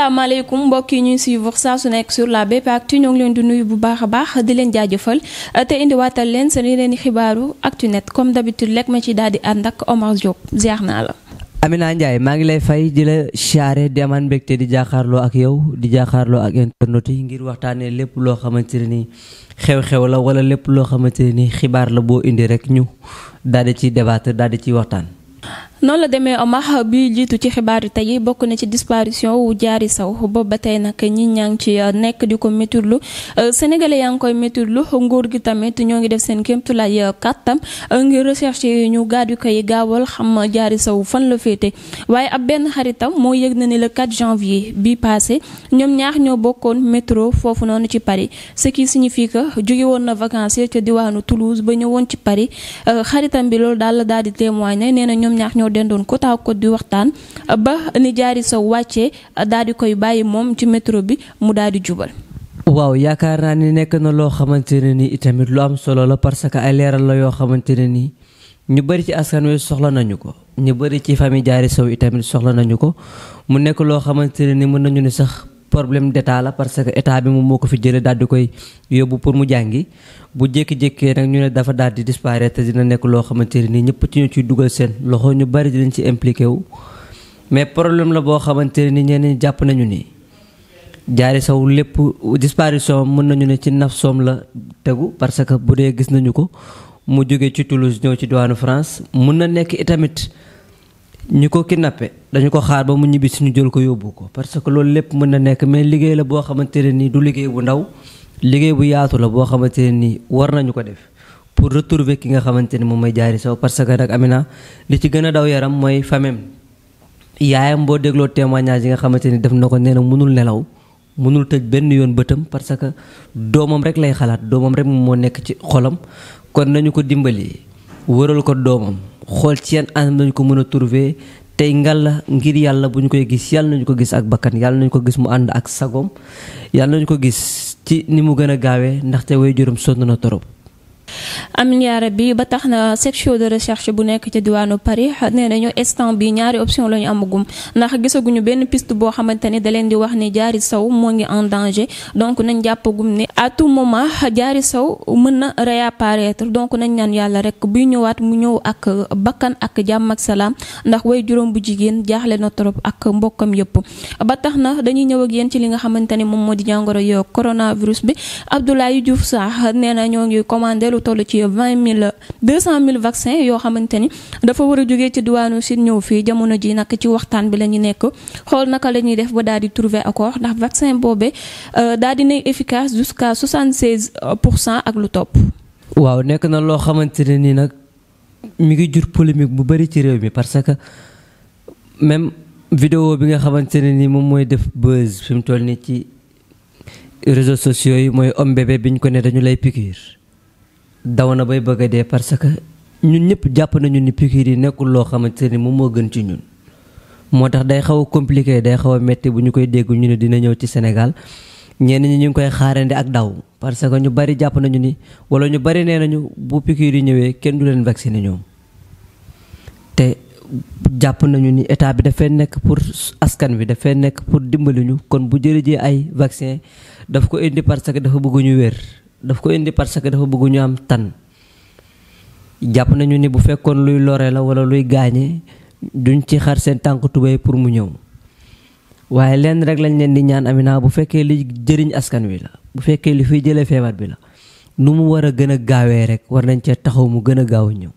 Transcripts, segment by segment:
asalaamaaleykum mbokk yi ñuy suivre saa su nekk sur la BP Actu ñoo ngi leen di nuyu bu baax a baax di leen jaajëfal uh, te indiwaatal leen seen yeneen i xibaaru ak Actunet comme d'habitude lekk ma ci daal di ànd ak Omar Diop ziar naa Ndiaye maa ngi lay fay di la siyaare di amaan mbégte di jaaxaarloo ak yow di jaaxaarloo ak internet yi ngir waxtaanee lépp loo xamante ne nii xew-xew la wala lépp loo xamante ne nii xibaar la boo indi rek ñu daal di ciy débattre daal di ciy waxtaan. noonu la demee Omar bi jiitu ci xibaar yi tey bokk na ci disparition wu jaari Sow boobu ba tey nag ñi ñaa ngi ci uh, nekk di ko méttiwul uh, sénégalais yaa ngi koy méttiwul nguur gi tamit ñoo ngi def seen kéemtulaay uh, kàttam ngir recherche ñu gàddu koy gaawal xam Diary Sow fan la féete waaye ab benn xaritam moo yëg na ni le 4 janvier bi passé ñoom ñaar ñoo bokkoon métro foofu noonu ci Paris ce qui signifie que jóge woon na vacance ca diwaanu Toulouse ba ñëwoon ci Paris xaritam bi loolu daal la daal di témoigner nee na ñoom ñaax ñoo dendoon côte à di waxtaan ba ni jaari saw wàccee daal di koy bàyyi moom ci métro bi mu daal di jubal. waaw yaakaar naa ni nekk na loo xamante ne nii itamit lu am solo la parce que ay leeral la yoo xamante ne nii ñu bëri ci askan wi soxla nañu ko ñu bëri ci famille jaari saw itamit soxla nañu ko mu nekk loo xamante ne nii mën nañu ni sax. problème d'état la parce que état bi moom moo ko fi jëlee daal di koy yóbbu pour mu jàngi bu jékki-jékkee nag ñu ne dafa daal di te dina nekk loo xamante ne nii ñëpp ci ñu ciy dugal seen loxo ñu bari dinañ ci impliqué wu. mais problème la boo xamante ne nii ñeneen jàpp nañu ni Diary Sow lépp disparition mën nañu ne ci nafsoom la tegu parce que bu dee gis nañu ko mu jógee ci Toulouse ñëw ci diwaanu France mën na nekk itamit ñu ko ki kidnappé dañu ko xaar ba mu ñibbi si ñu jël ko yóbbu ko parce que loolu lépp mën na nekk mais liggéey la boo xamante ne nii du liggéey bu ndaw liggéey bu yaatu la boo xamante ne nii war nañu ko def pour retrouver ki nga xamante ne moom mooy Diary Sow parce que nag Amina li ci gën a daw yaram mooy famem yaayam boo dégloo témoignage yi nga xamante ni def na ko nee na mënul nelaw mënul tëj benn yoon bëtam parce que doomam rek lay xalaat doomam rek moo nekk ci xolam kon nañu ko dimbali. wëral ko doomam xool ci yan anam lañu ko mën a trouver tey ngalla ngir yàlla bu ñu koy gis yàlla nañu ko gis ak bakkan yàlla nañu ko gis mu ànd ak sagoom yàlla nañu ko gis ci ni mu gën a gaawee ndaxte way juróom sonn na torop amin yaa rabbi ba tax na section de recherche bu nekk ci diwaanu Paris nee nañu instant bi ñaari option la ñu amagum ndax gisaguñu benn piste boo xamante ne da leen di wax ni jaari saw moo ngi en danger donc nañ jàppagum ni à tout moment Diary Sow mën na réapparaître donc nañ naan yàlla rek buy ñëwaat mu ñëw ak bakkan ak jàmm ak salaam ndax way juróom bu jigéen jaaxle na trop ak mbokkam yëpp ba tax na dañuy ñëw ak yéen ci li nga xamante ne moom moo di jàngoro yoo lu ci ci vingt mille deux cent mille vaccins yoo xamante ni dafa war a jógee ci diwaanu Sine ñëw fii jamono ji nag ci waxtaan bi la ñu nekk xool naka la ñuy def ba daal di trouver accord ndax vaccin boobee euh, daal di nay efficace jusqu'à soixante seize pour cent ak lu topp. waaw nekk na loo xamante ne nii nag mu ngi jur polémique bu bari ci réew mi parce que même vidéo bi nga xamante ne nii moom mooy def buzz fi mu toll nii ci réseaux sociaux yi mooy homme bébé ko ne dañu lay piqûre. daw na bay bëgg dee parce que ñun ñëpp jàpp nañu ni piqûre yi nekkul loo xamante ni moom moo gën ci ñun. moo tax day xaw a day xaw a métti bu ñu koy dégg ñu ne dina ñëw ci Sénégal ñenn ñi ñu ngi koy xaarandi ak daw parce que ñu bari jàpp nañu ni wala ñu bari nee nañu bu piqûre yi ñëwee kenn du leen vacciner ñoom te jàpp nañu ni état bi dafay nekk pour askan bi dafay nekk pour dimbali ñu kon bu jërëjee ay vaccin daf ko indi parce que dafa bëgg ñu wér. daf ko indi parce que dafa bëgg ñu am tan jàpp nañu ni bu fekkoon luy lore la wala luy gaañe duñ ci xar seen tànk tubéy pour mu ñëw waaye lenn rek lañ leen di ñaan Amina bu fekkee li jëriñ askan wi la bu fekkee li fiy jëlee feebar bi la nu mu war a gën a gaawee rek war nañ cee taxaw mu gën a gaaw a ñëw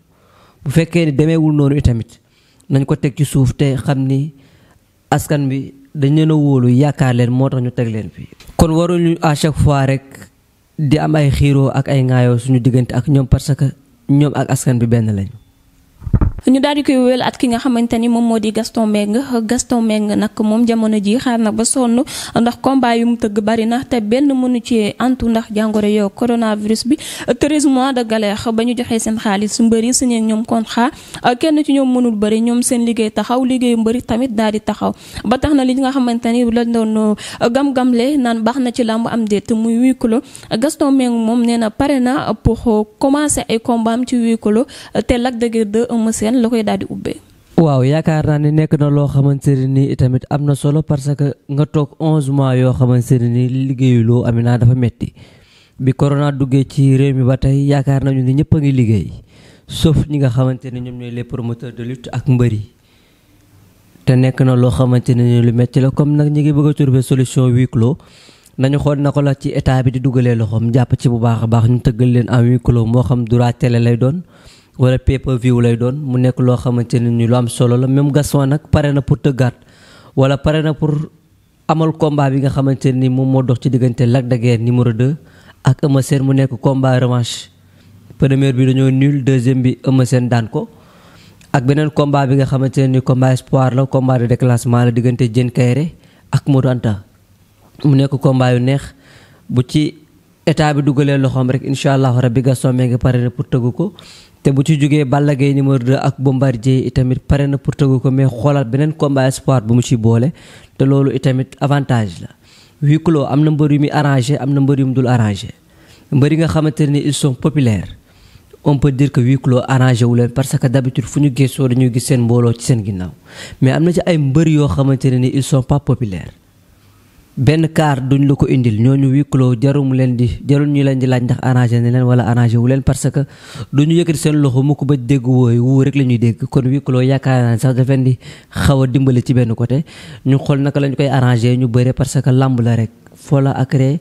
bu fekkee ni demeewul noonu itamit nañ ko teg ci suuf te xam ni askan bi dañ leen a wóolu yaakaar leen moo tax ñu teg leen fii kon waruñu à chaque fois rek. di am ay xiiroo ak ay ŋaayoo suñu diggante ak ñoom parce que ñoom ak askan bi benn lañ ñu daal di koy wéyal at ki nga xamante ni moom moo di Gaston Mbengue Gaston Mbengue nag moom jamono ji xaar na ba sonn ndax combat yu mu tëgg bari na te benn mënu ci antu ndax jàngoro yow coronavirus bi 13 de galère ba ñu joxee seen xaalis mbëri signé ñoom kon contrat kenn ci ñoom mënul bëri ñoom seen liggéey taxaw liggéeyu mbëri tamit daal di taxaw ba tax na li nga xamante ni la doon uh, gam-gamle naan baax na ci làmb am déet muy huis clos Gaston Mbengue moom nee na pare na pour commencer ay combat ci huis uh, te Lac de Guiers lan koy daal waaw yaakaar naa ni nekk na loo xamante ne nii tamit am na solo parce que nga toog onze mois yoo xamante ne nii liggéeyuloo Amina dafa metti bi corona duggee ci réew mi ba tey yaakaar nañu ni ñëpp a ngi liggéey sauf ñi nga xamante ne ñoom ñooy les promoteurs de lutte ak mbër yi te nekk na loo xamante ne nii lu metti la comme nag ñi ngi bëgg a solution huis clos nañu xool na ko la ci état bi di dugalee loxoom jàpp ci bu baax a baax ñu tëggal leen am huis clos moo xam dura télé lay doon. wala pay per view lay doon mu nekk loo xamante ne ni lu am solo la même Gaston nag pare na pour tëggaat wala pare na pour amal combat bi nga xamante ni moom moo dox ci diggante Lac de Guiers numéro ak Eumeu Sène mu nekk combat revanche première bi dañoo nul deuxième bi Eumeu Sène daan ko ak beneen combat bi nga xamante ne ni combat espoir la combat de déclassement la diggante Diène Kaïré ak Modou Anta mu nekk combat yu neex bu ci état bi dugalee loxoom rek incha allahu rabbi Gaston ko te bu ci jógee Balla Gaye numéro 2 ak Bombardier itamit pare na pour tëgg ko mais xoolal beneen combat espoir bu mu ci boole te loolu itamit avantage la huis am na mbër yu muy arrangé am na mbër yum dul arrangé mbër yi nga xamante ni ils populaire populaires on peut dire que leen parce que d'habitude fu ñu gëstoo dañuy gis seen mbooloo ci seen ginnaaw mais am na ci ay mbër yoo xamante ne ni ils sont pas populaires benn kaar duñ la ko indil ñooñu huis clos jarum leen di jarul ñu leen di laaj ndax arrangé na leen wala arrangé wu leen parce que du ñu yëkkati seen loxo mu ko ba dégg wooyu wuu rek la ñuy dégg kon huis clos yaakaar naa sax daf leen di xaw a dimbali ci benn côté ñu xool naka lañ koy arrangé ñu bëre parce que làmb la rek foo la acré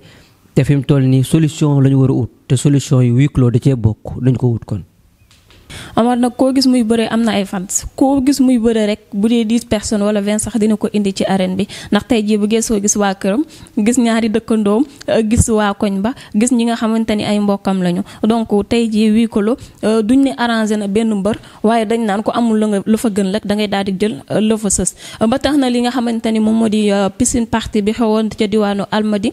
te fi mu toll nii solution lañu ñu war ut te solution yi huis clos da cee bokk dañ ko wut kon. Amar nag koo gis muy bëree am na ay fans koo gis muy bëree rek bu dee dix personnes wala vingt sax dina ko indi ci arène bi ndax tey jii bu geesoo gis waa këram gis ñaari dëkkandoom euh, gis waa koñ ba gis ñi nga xamante ni ay mbokkam lañu donc tey jii wii kolo euh, duñ ne arrangé na benn mbër waaye dañ naan ko amul lu nga lu fa gën rek da ngay daal di jël euh, la fa sës ba tax na li nga xamante ni moom moo di piscine party bi xewoon ca diwaanu Almadi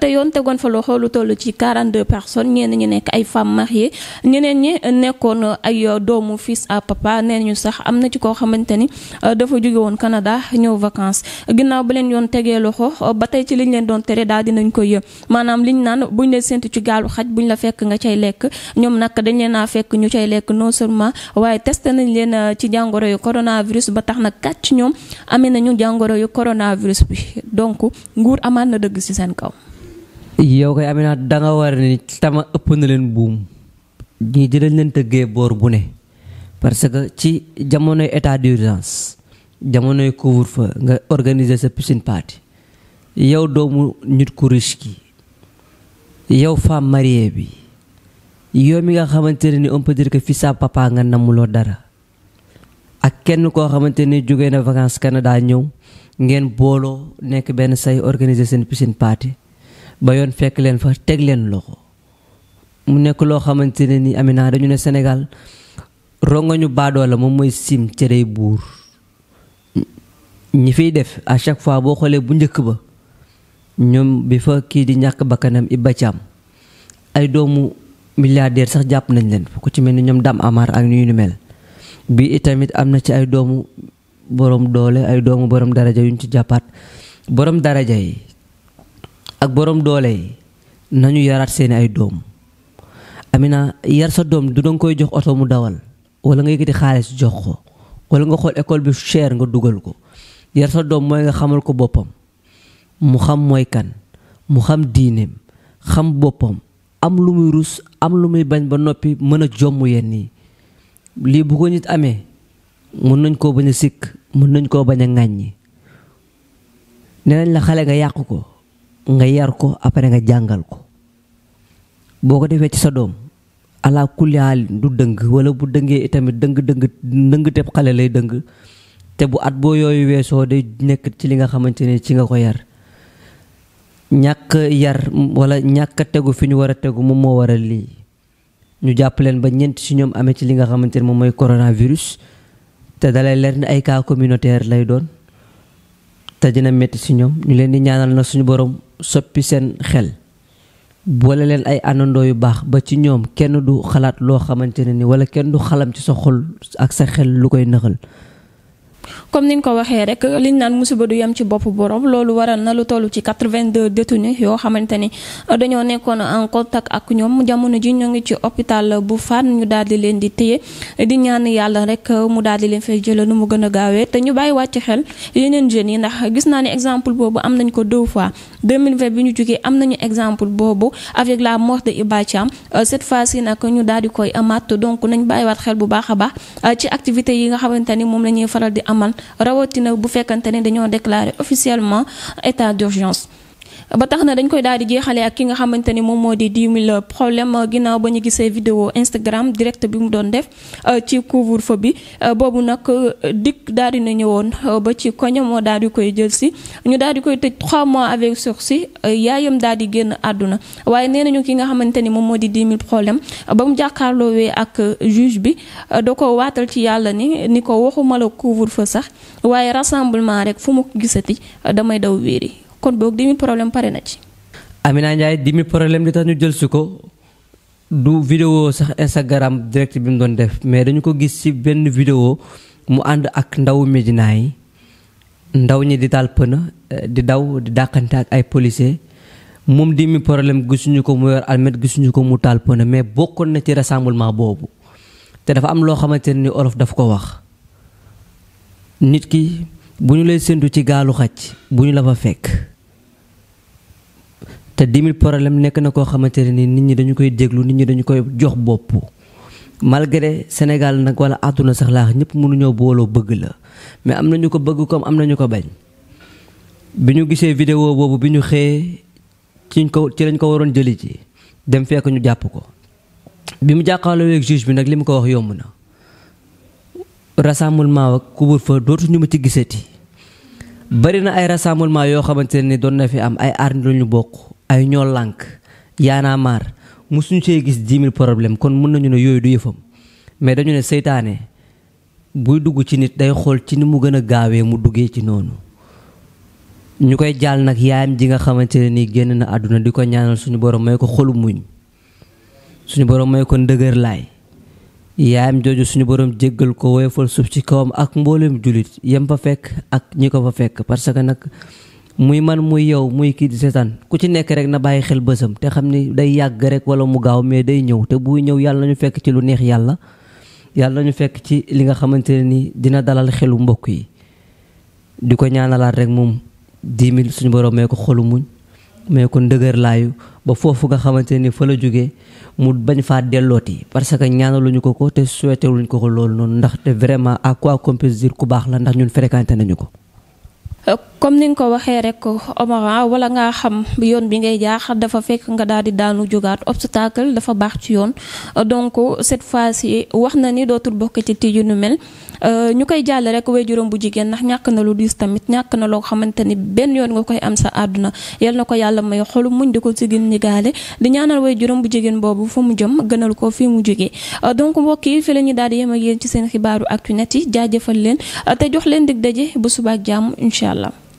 te yoon tegoon fa loxo lu toll ci 42 personnes ñenn ñi nekk ay femmes mariées ñeneen ñi nekkoon ay doomu fils à papa nee ñu sax am na ci koo xamante ni euh, dafa jóge woon Canada ñëw vacance ginnaaw ba leen yoon tegee loxo euh, ba tey ci liñ leen doon tere daal dinañ ko yë euh, maanaam liñ naan buñ la séntu ci gaalu xaj buñ la fekk nga cay lekk ñoom nag dañ leen naa fekk ñu cay lekk non seulement waaye testé nañ leen ci jàngoro yu coronavirus ba tax na kàcc ñoom amee nañu jàngoro yu coronavirus bi donc nguur amaat na dëgg ci seen kaw. yow kay Amina da nga ëpp na leen buum. ñii dinañ leen tëggee boor bu ne parce que ci jamonoy état d'urgence jamonoy couvre fa nga organiser sa piscine party yow doomu nit ku riche ki yow femme mariée bi yow mi nga xamante ne ni on peut dire que fii sa papa nga namuloo dara ak kenn koo xamante ni jógee na vacances Canada ñëw ngeen booloo nekk benn say organiser seen piscine party ba yoon fekk leen fa teg leen loxo mu nekk loo xamante ne amee naa dañu ne Sénégal rongoñu baadoo la moom mooy sim cere buur ñi fiy def à chaque fois boo xoolee bu njëkk ba ñoom bi fa kii di ñàkk bakkanam Iba Thiam ay doomu milliardaire sax jàpp nañ leen ku ci mel ni ñoom dam Amar ak ñu ñu mel bi itamit am na ci ay doomu borom doole ay doomu borom daraja yuñ ci jàppaat borom daraja yi ak borom doole yi nañu yaraat seeni ay doom amina yar sa doom du danga koy jox oto mu dawal wala nga di xaalis jox ko wala nga xool école bi cher nga dugal ko yar sa doom mooy nga xamal ko boppam mu xam mooy kan mu xam diineem xam boppam am lu muy rus am lu muy bañ ba noppi mën a jomm yenn yi lii bu ko nit amee mën nañ koo bañ a sikk mën nañ koo bañ a ŋàññi nee nañ la xale nga yàq ko nga yar ko après nga jàngal ko boo ko defee ci sa doom ala kulyaal du dëng wala bu dëngee itamit dëng dëng dëng te xale lay dëng te bu at boo yooyu weesoo de nekk ci li nga xamante ne ci nga ko yar ñàkk yar wala ñàkk tegu fi ñu war a tegu moom moo waral lii ñu jàpp leen ba ñent si ñoom amee ci li nga xamante ne moom mooy coronavirus te dalay leer ni ay kaa communautaire lay doon te dina métti si ñoom ñu leen di ñaanal na suñu boroom soppi seen xel boole leen ay àndandoo yu baax ba ci ñoom kenn du xalaat loo xamante ne ni wala kenn du xalam ci sa xol ak sa xel lu koy nëxal comme ni nga ko waxee rek liñ naan musiba du yem ci bopp borom loolu waral na lu toll ci yoo xamante ni dañoo nekkoon en contact ak ñoom jamono ji ñu ngi ci hôpital bu Fann ñu daal di leen di téye di ñaan yàlla rek mu daal di leen fa jëlee nu mu gën a gaawee te ñu bàyyi wàcc xel yeneen jeunes yi ndax gis naa ne exemple boobu am nañ ko deux fois 2020 bi ñu jugee am nañu exemple boobu avec la mort de Iba Thiam cette fois ci nag ñu daal di koy amaat donc nañ bàyyiwaat xel bu baax a baax man rawatina bu fekkante ne dañoo déclarer officiellement état d'urgence ba tax na dañ koy daal di jeexalee ak ki nga xamante ni moom moo di 10 000 problème euh, ginnaaw ba ñu gisee vidéo Instagram direct bi mu doon def euh, ci couvre-feu bi euh, boobu nag dikk daal di na ñëwoon ba ci koñ moo daal di koy jël si ñu daal di koy tëj 3 mois avec si yaayam daal di génn àdduna waaye nee nañu ki nga xamante ni moom moo di 10 000 problème ba mu wee ak juge bi da ko waatal ci yàlla ni ni ko waxuma la couvre sax waaye rassemblement rek fu mu gisati damay daw wéeri kon boog 10 problème pare na ci. Amina Ndiaye 10 000 problème li tax ñu jël si ko du vidéo sax Instagram direct bi mu doon def mais dañu ko gis ci benn vidéo mu ànd ak ndawu Médina yi ndaw ñi di taal pëna eh, di daw di dàqante ak ay policiers moom 10 000 problème gisuñu ko mu yor almet gisuñu ko mu taal pëna mais bokkoon na ci rassemblement boobu te dafa am loo xamante ni olof dafa ko wax nit ki bu ñu lay séntu ci gaalu xaj bu ñu la fa fekk. te 10 000 nekk na koo xamante ne ni nit ñi dañu koy déglu nit ñi dañu koy jox bopp malgré senegal nag wala àdduna sax laax ñëpp mënuñoo booloo bëgg la mais am nañu ko bëgg comme am nañu ko bañ bi ñu gisee vidéo boobu bi ñu xëyee ciñ ko ci lañ ko waroon jëli ci dem fekk ñu jàpp ko bi mu jàkkaarloo ak bi nag li mu ko wax yomb na rassemblement ak couvre-feu dootuñu ma ci gisee ti bari na ay rassemblement yoo xamante ne ni doon na fi am ay arme lañu bokk ay ñoo lànk yaanaa maar musuñu see gis dix mille kon mën nañu ne yooyu du yëfam mais dañu ne seytaane buy dugg ci nit day xool ci ni mu gën a gaawee mu duggee ci noonu ñu koy jaal nag yaayam ji nga xamante ne nii génn na àdduna di ko ñaanal suñu borom may ko xolu muñ suñu boroom may ko ndëgër laay yaayam jooju suñu borom jéggal ko woyofal suuf ci kawam ak mbooleem jullit yem fa fekk ak ñi ko fa fekk parce que nag muy man muy yow muy kii di seetaan ku ci nekk rek na bàyyi xel bësam te xam ni day yàgg rek wala mu gaaw mais day ñëw te buy ñëw yàlla nañu fekk ci lu neex yàlla yàlla nañu fekk ci li nga xamante ne ni dina dalal xelu mbokk yi di ko ñaanalaat rek moom dix mille suñu borom mee ko xolu muñ mais ko ndëgër laayu ba foofu nga xamante ni fa la jógee mu bañ faa dellooti parce que ñaanaluñu ko ko te souhaité luñ ko ko loolu noonu ndax te vraiment ak quoi qu'on ku baax la ndax ñun fréquenté nañu ko. comme ni nga ko waxee rek Omar ah, wala ngaa xam yoon bi ngay jaax dafa fekk nga daal di daanu jógaat obstacle dafa baax ci yoon donc set fois ci wax na ni dootul bokk ci tiju nu mel euh, ñu koy jàll rek waajuram bu jigéen ndax ñàkk na lu diis tamit ñàkk na loo xamante ni benn yoon nga koy am sa àdduna yal na ko yàlla may xolu muñ di ko si gën ñi gaale di ñaanal waajuram bu jigéen boobu fu mu jëm gënal ko fi mu jógee euh, donc mbokk yi fi la ñu daal di yem ak yéen ci seen xibaaru Actunet yi jaajëfal leen te jox leen dig daje bu subaak jàmm incha allah